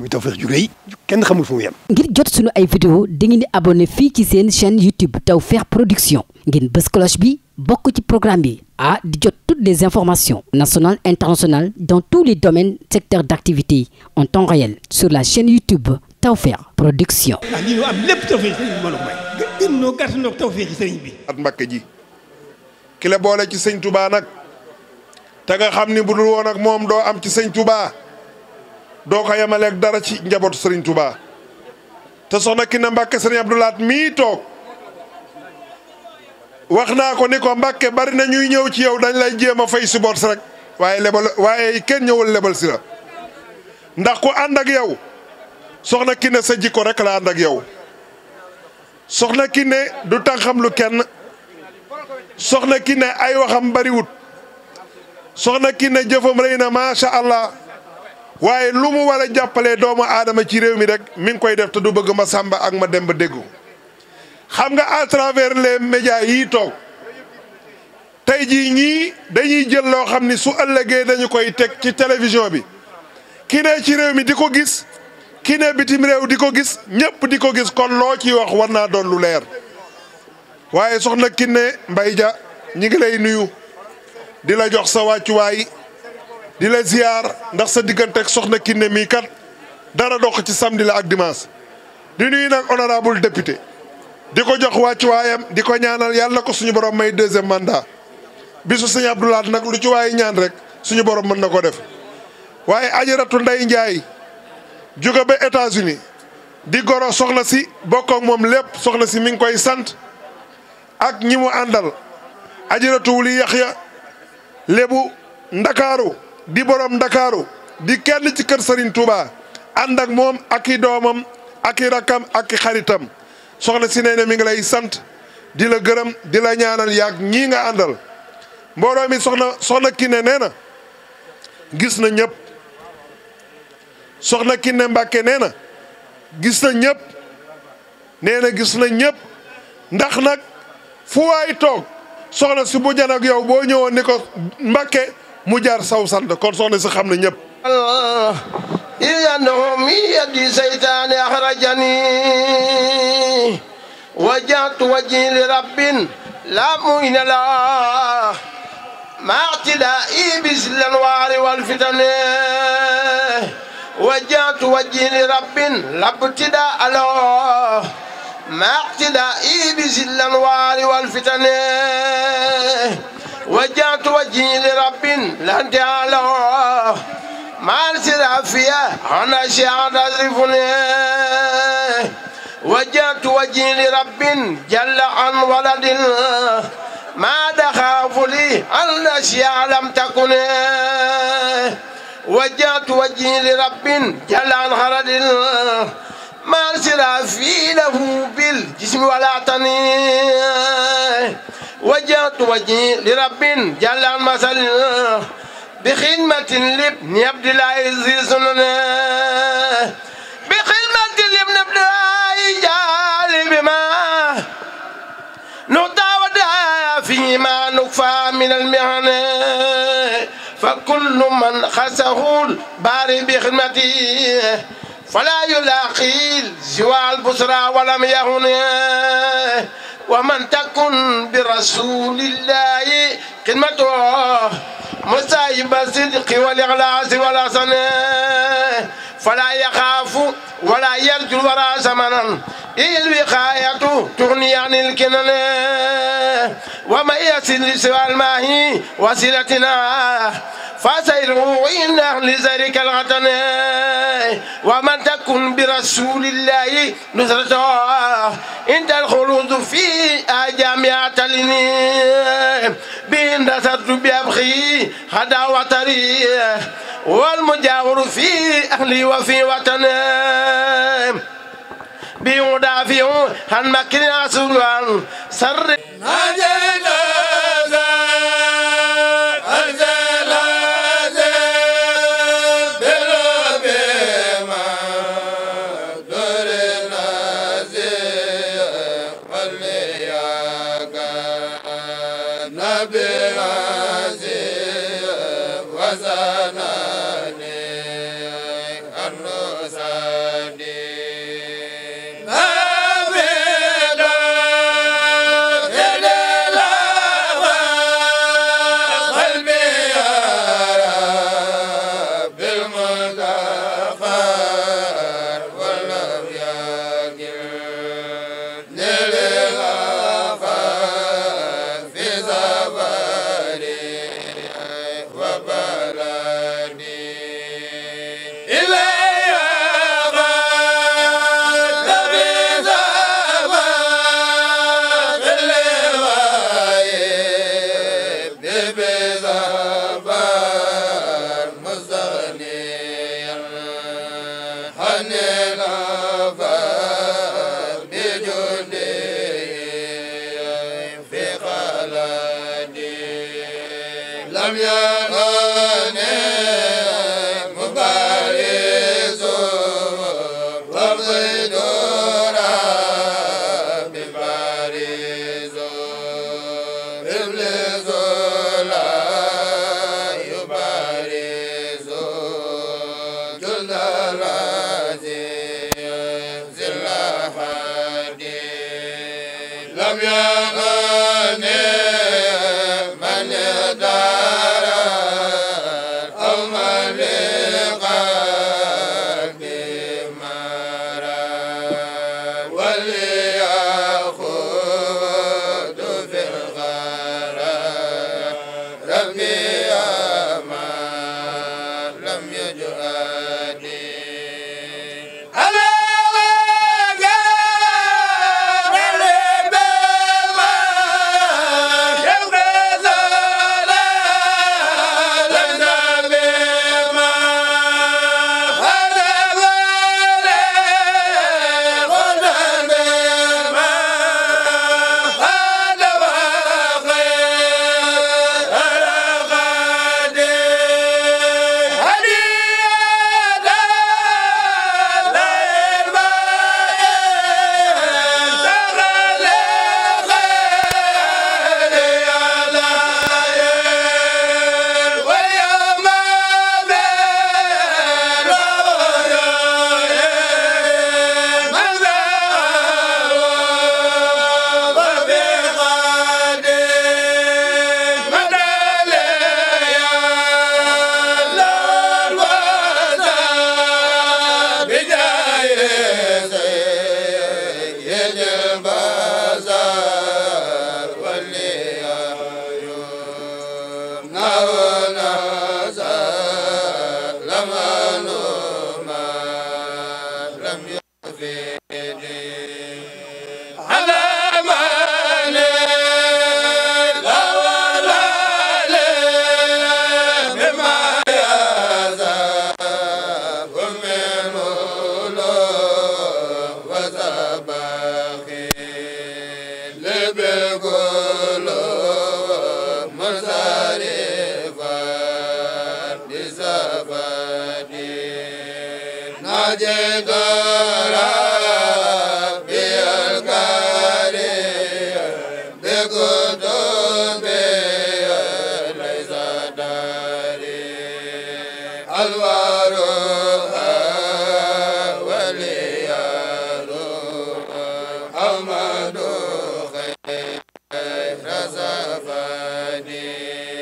muy Tawfekh ju rëy kenn xamul fu mu yem. ngir jot sunu ay vidéo dangeen di abonné fii ci seen chaîne YouTube Tawfekh Production ngeen bës bi bokk ci programme bi ah di jot toutes les informations nationales internationales dans tous les domaines secteurs d'activité en temps réel sur la chaîne YouTube Tawfekh Production. ah lii ñu am lépp Tawfekh sëriñ bi may. at Mbàkke ji ki boole ci sëñ Touba nag te nga xam ni bu woon ak moom doo am ci sëñ Touba. doo ko yemaleeg dara ci njabootu sëriñ Touba te soxna Kine Mbacke Serigne Abdou Lahad mii toog wax naa ko ni ko Mbacke bari na ñuy ñëw ci yow dañ lay jéem a fay si bor waaye lebal waaye kenn ñëwul lebal si la ndax ku ànd ak yow soxna Kine sa jikko rek la ànd ak yow soxna Kine du tànqam lu kenn soxna Kine ay waxam bariwut soxna Kine jëfam rëy na macha allah. waaye lu mu war a jàppalee doomu aadama ci réew mi rek mi ngi koy def te du bëgg ma sàmba ak ma dem ba déggu xam nga à travers les médias yii toog tey jii ñii dañuy jël loo xam ni su ëllëgee dañu koy teg ci télévision bi ki ne ci réew mi di ko gis ki ne bitim réew di ko gis ñëpp di ko gis kon loo ciy wax war naa doon lu leer waaye soxna Kiné Mbaye Dia ñi ngi lay nuyu di la jox sa wàccuwaay di la ndax sa digganteeg soxna Kiné mii kat dara dox ci samedi la ak dimanche di nuyu nag honorable député di ko jox wàccuwaayam di ko ñaanal yàlla ko suñu borom may deuxième mandat bisu sëñ Abdoulaat nag lu ci waaye ñaan rek suñu borom mën na ko def waaye ajaratu nday Njaay jóge ba États-Unis di goro soxna si bokk moom lépp soxna si mi ngi koy sant ak ñi mu àndal ajaratu wuli yaxya lébu ndakaaru di borom ndakaaru di kenn ci kër Serigne Touba ànd ak moom ak i doomam ak i rakkam ak i xaritam soxna si nee na mi ngi lay sant di la gërëm di la ñaanal yaag ñii nga àndal mbooloo mi soxna soxna Kiné nee na gis na ñëpp soxna Kiné Mbàkke nee na gis na ñëpp nee na gis na ñëpp ndax nag fu waay toog soxna si bu jan ak yow boo ñëwoon ni ko Mbàkke mu jaar saw sant kon soxna si xam ne ñëpp iyandahum yadi seytaane axrajani wajjahtu wajhi li rabbin la muyna la maatida ibis lan waari wal fitane wajjahtu wajhi li rabbin labtida alo ibis lan waari وجهت وجهي لرب لا انتهى له مع السرافية أنا شعر أزرفني وجهت وجهي لرب جل عن ولد ما دخاف لي أن الأشياء لم تكن وجهت وجهي لرب جل عن هرد ما انسرافي له بالجسم ولا تنين وجهت وجهي لرب جل عن مثل بخدمة لابن عبد الله ذي سنن بخدمة لابن عبد الله جعل بما نهدى ودعا فيما نكفى من المهن فكل من خسه الباري بخدمته فلا يلاقي سوى البصرى ولم يهن ومن تكن برسول الله قمته مستيب الصدق والإخلاص والحسن فلا يخاف ولا يرجو الورى ثمنا الوقاية تغني عن الكنن وما يصل سوى الماهي وسيلتنا فسيره عند أهل ذلك الغتن ومن تكن برسول الله نصرته انت الخلود في جامعة تلني بين نصرت بأبخي خدا وطري والمجاور في أهلي وفي وطني بيودافيون هن مكرنا سلوان سر نجينا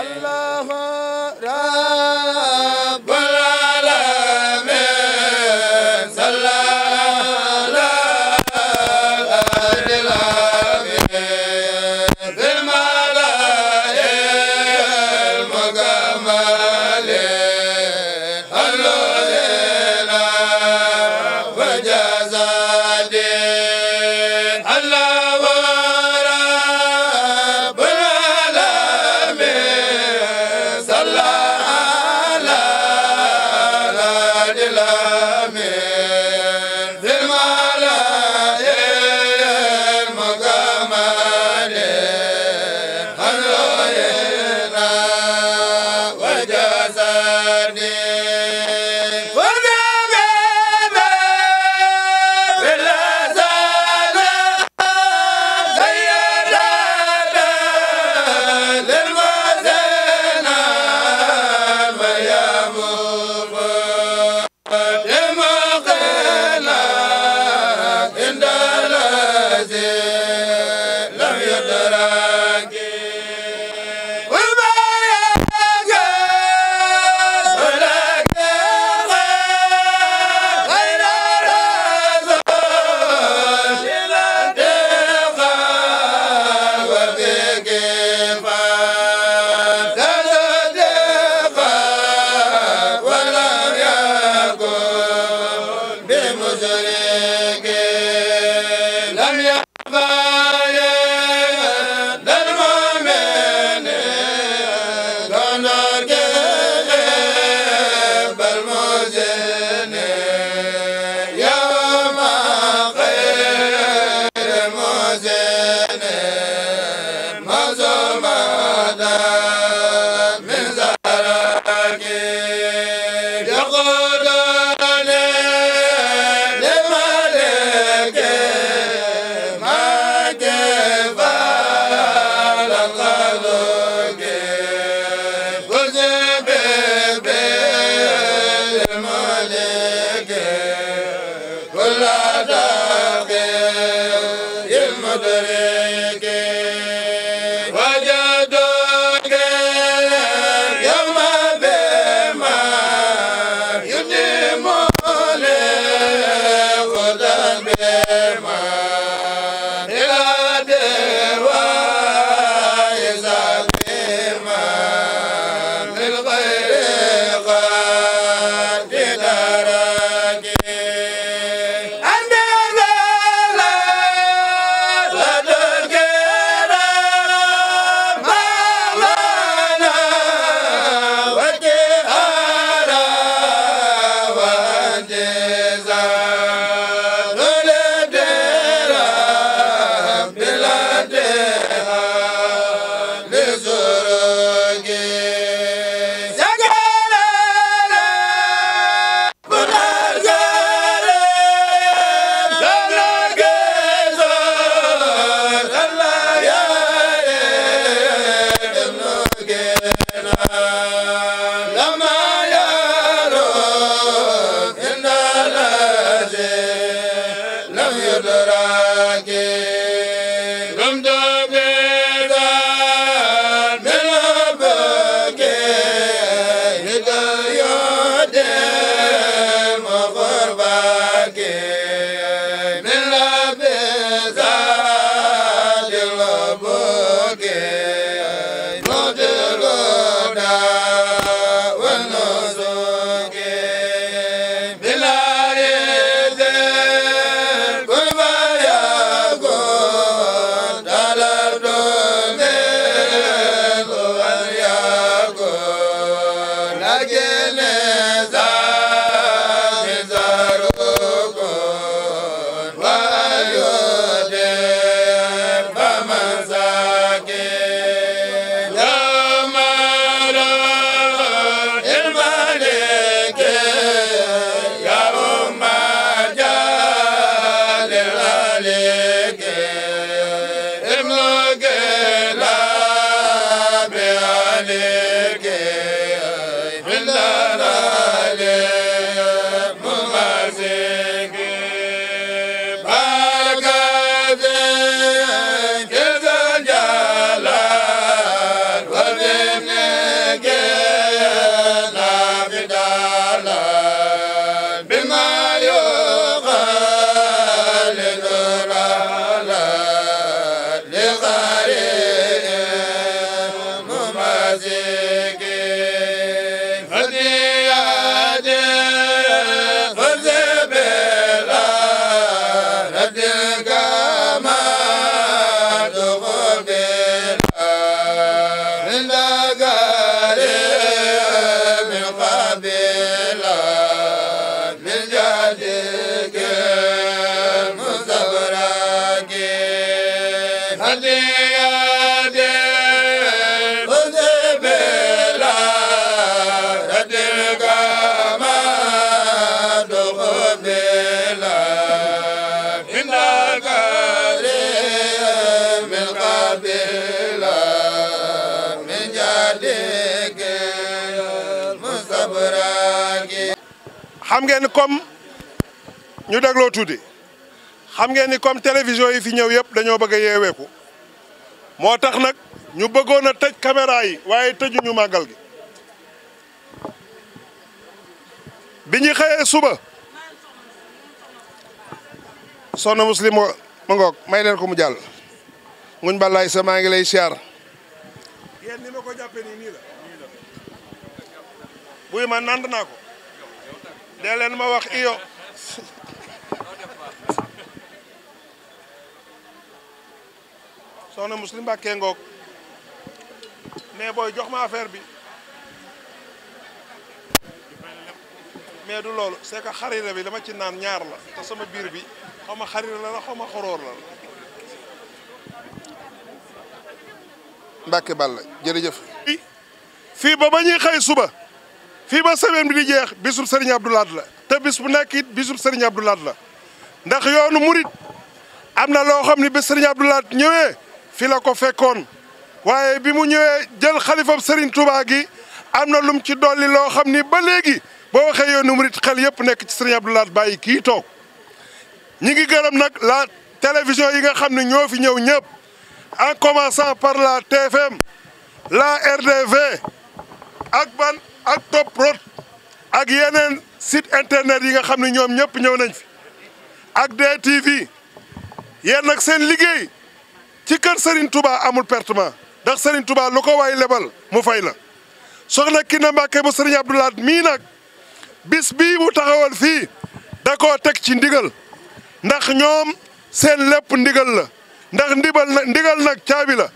Allah ge be xam ngeen comme ñu dagloo tuuti xam ngeen ni comme télévision yi fi ñëw yëpp dañoo bëgg a yeeweeku moo tax nag ñu bëggoon a tëj caméra yi waaye tëjuñu màggal gi bi ñu xëyee suba soxna muslim ma ngoog may leen ko mu jàll nguñ balaay sa maa ngi lay siyaar yéen ni ko jàppee nii nii ma nand naa ko dee leen ma wax iyo soxna muslim Mbàkke ngoog mais booy jox ma affaire bi mais du loolu c'est que xarira bi dama ci naan ñaar la te sama biir bi xaw ma xarira la la xaw ma xoroor la la Mbàkke Balla jërëjëf fii ba ba ñuy xëy suba fii ba semaine bi di jeex bisub Serigne Abdou Lahad la te bis bu nekk it bisub Serigne Abdou Lahad la ndax yoonu murit am na loo xam ne bi Serigne Abdou Lahad ñëwee fi la ko fekkoon waaye bi mu ñëwee jël xalifab Serigne Touba gi am na lum ci dolli loo xam ni ba léegi boo waxee yoonu murit xel yëpp nekk ci Serigne Abdou Lahad bàyyi kii toog ñi ngi gërëm nag la télévision yi nga xam ne ñoo fi ñëw ñëpp en commençant par la TFM la RDV ak ban ak top rot ak yeneen sit internet yi nga xam ne ñoom ñëpp ñëw nañ fi ak DTV yéen nag seen liggéey ci kër Serigne Touba amul pertement ndax sëriñ tubaa lu ko waay lebal mu fay la soxna Kiné Mbacké bu Serigne Abdou Lahad mii nag bis mu taxawal fii da koo teg ci ndigal ndax ñoom seen lépp ndigal la ndax ndibal nag ndigal nag caabi la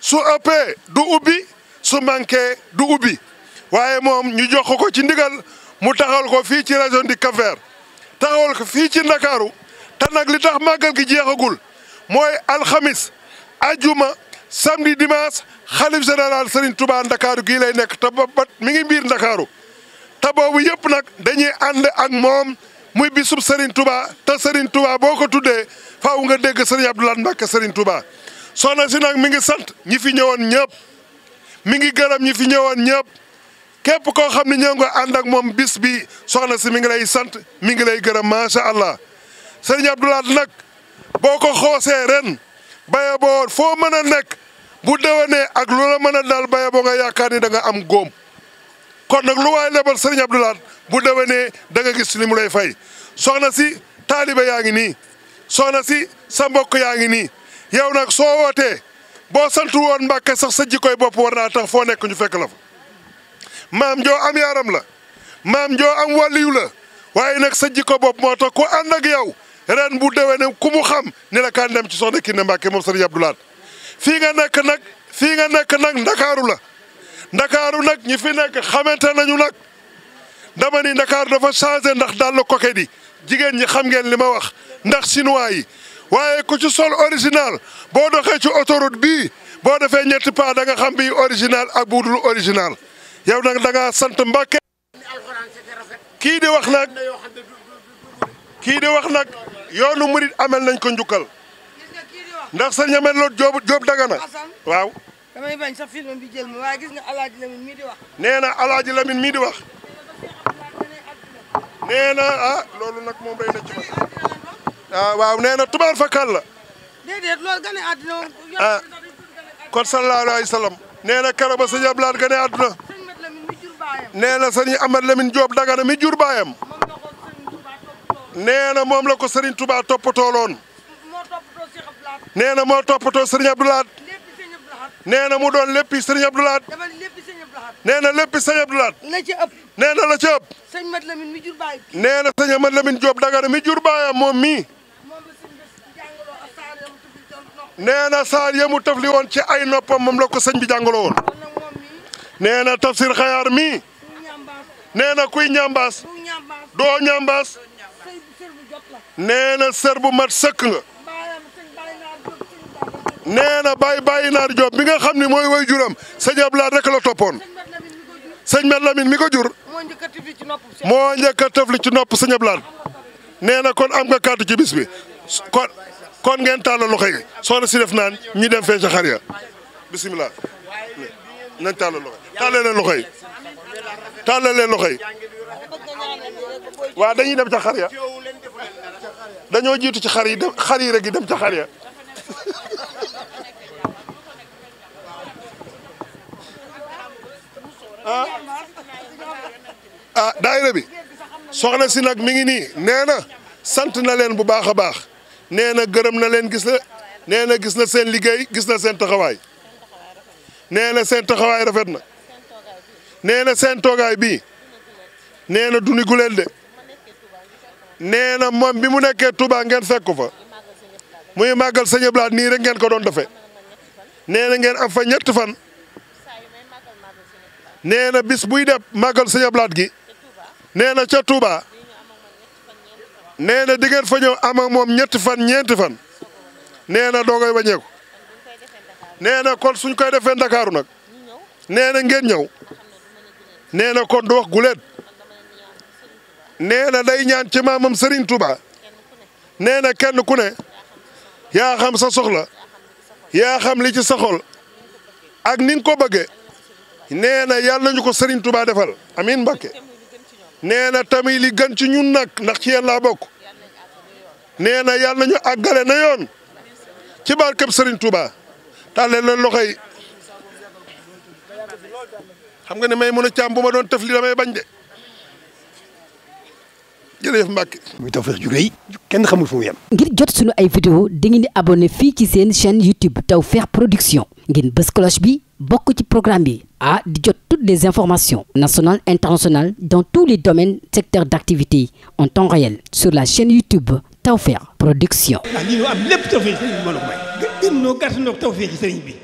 su ëppee du ubbi su manqué du ubbi waaye moom ñu jox ko ci ndigal mu taxawal ko fii ci région di Cap-Vert ko fii ci ndakaaru te nag li tax màggal gi jeexagul mooy alxamis ajuma samedi dimanche xalif général Serigne Touba ndakaaru gii lay nekk te ba mi ngi mbiir ndakaaru te boobu yëpp nag dañuy ànd ak moom muy bisub Serigne Touba te Serigne Touba boo ko tuddee faaw nga dégg Serigne Abdou Lahad Mbacké Serigne Touba soxna si nag mi ngi sant ñi fi ñëwoon ñëpp mi ngi gërëm ñi fi ñëwoon ñëpp. képp koo xam ne ñoo ngi ànd ak moom bis bi soxna si mi ngi lay sant mi ngi lay gërëm macha allah sëriñ Abdou Lahad nag boo ko xoosee ren baye boo foo mën a nekk bu déwénee ak lu la mën a daal baye boo nga yaakaar ni da nga am góom kon nag lu waay lebal sëriñ Abdou Lahad bu déwénee da nga gis li mu lay fay soxna si taaliba yaa ngi nii soxna si sa mbokk yaa ngi nii yow nag soo wootee boo sant woon Mbàkke sax sa jikkoy bopp war naa tax foo nekk ñu fekk la fa maam joo am yaaram la maam joo am wàlliyu la waaye nag sa jikko bopp moo tax ku ànd ak yow ren bu déwénee ku mu xam ne la kan dem ci soxna Kiné Mbàkke moom sëriñ Abdou Lahad fii nga nekk nag fii nga nekk nag ndakaaru la ndakaaru nag ñi fi nekk xamante nañu nag dama ni ndakaaru dafa changé ndax daal la coquette yi jigéen ñi xam ngeen li ma wax ndax chinois yi waaye ku ci sol original boo doxee ci autoroute bii boo defee ñetti pas da nga xam bi original ak original yaw nag da ngaa sant Mbàkke kii di wax nag kii de wax nag yoonu murit amel nañ ko njukkal ndax sa ñamel loot Jóob Dagana waaw damay bañ sax film gis nga alaaji mii di wax nee na alaaji Lamine mii di wax nee ah, loolu nag moom day na ci ma ah, waaw nee na tubaar fakal la déedéet loolu gane àddina ah, kon sallallahu alayhi wa sallam nee na keroog ba gane àdduna nee na sëriñ Amad Lamine Diop Dagana mi jur baayam nee na moom la ko sëriñ Touba toppatooloon nee na moo toppatoo sëriñ Abdou Lahad nee na mu doon léppi sëriñ Abdou Lahad nee na léppi sëriñ Abdou Lahad nee na la ci ëpp nee na sëriñ Amad Lamine Diop Dagana mi jur baayam moom mii nee na saar yamu tëfli woon ci ay noppam moom la ko sëñ bi jàngaloo woon nee na tafsir xayaar mi nee na kuy ñambaas doo ñambaas nee na sër bu mat sëkk nga nee na bàyyi bàyyi naar Jóob bi nga xam ni mooy woy juram sëñ rek la toppoon sëñ Mat Lamin mi ko jur moo njëkk a tëfli ci nopp sëñ Ablaay nee na kon am nga kàddu ci bisbi kon kon ngeen tàllal loxo yi soxna si def naan ñi dem fee ca xar bisimilah nañ tàllal loxo yi tàllal leen loxo yi tàllal leen loxo yi waaw dañuy dem ca xar dañoo jiitu ci xar yi dem xar yi rek yi dem ca xar ya ah ah daayira bi soxna si nag mi ngi nii nee na sant na leen bu baax a baax nee na gërëm na leen gis na nee na gis na seen liggéey gis na seen taxawaay nee na seen taxawaay rafet na nee na seen toogaay bii nee na duni guleel de nee na moom bi mu nekkee tubaa ngeen fekku fa muy màggal Sëñ Abdou nii rek ngeen ko doon dafe nee na ngeen am fa ñett fan nee na bis buy def màggal Sëñ gi nee na ca Touba nee na di ngeen fa ñëw am ak moom ñetti fan ñeenti fan nee na doogay waññeeku nee na kon suñ koy defee ndakaaru nag nee na ngeen ñëw nee na kon du wax nee na day ñaan ci maamam sëriñ Touba nee na kenn ku ne yaa xam sa soxla yaa xam li ci sa xol ak ni ko bëggee nee na yàlla nañu ko sëriñ Touba defal amiin Mbakke nee na tamit li gën ci ñun nag ndax ci yéen laa bokk nee na yàlla nañu àggale na yoon ci barkeb sëriñ Touba. tàlleel la loxo yi xam nga ne may mën a caam bu ma doon tëf li damay bañ de jërëjëf Mbacke. muy kenn xamul fu mu yem. ngir jot sunu ay vidéo dangeen di abonné fii ci seen chaîne YouTube Tawfekh Production ngeen bës cloche bi bokk ci programme bi ah di jot toutes des informations national internationales dans tous les domaines secteurs d'activité en temps réel sur la chaîne YouTube. Tawfekh Production. Ah, am lépp tawfeer ci sëriñ bi mën a may. gën noo gàtt noo tawfeer ci sëriñ bi.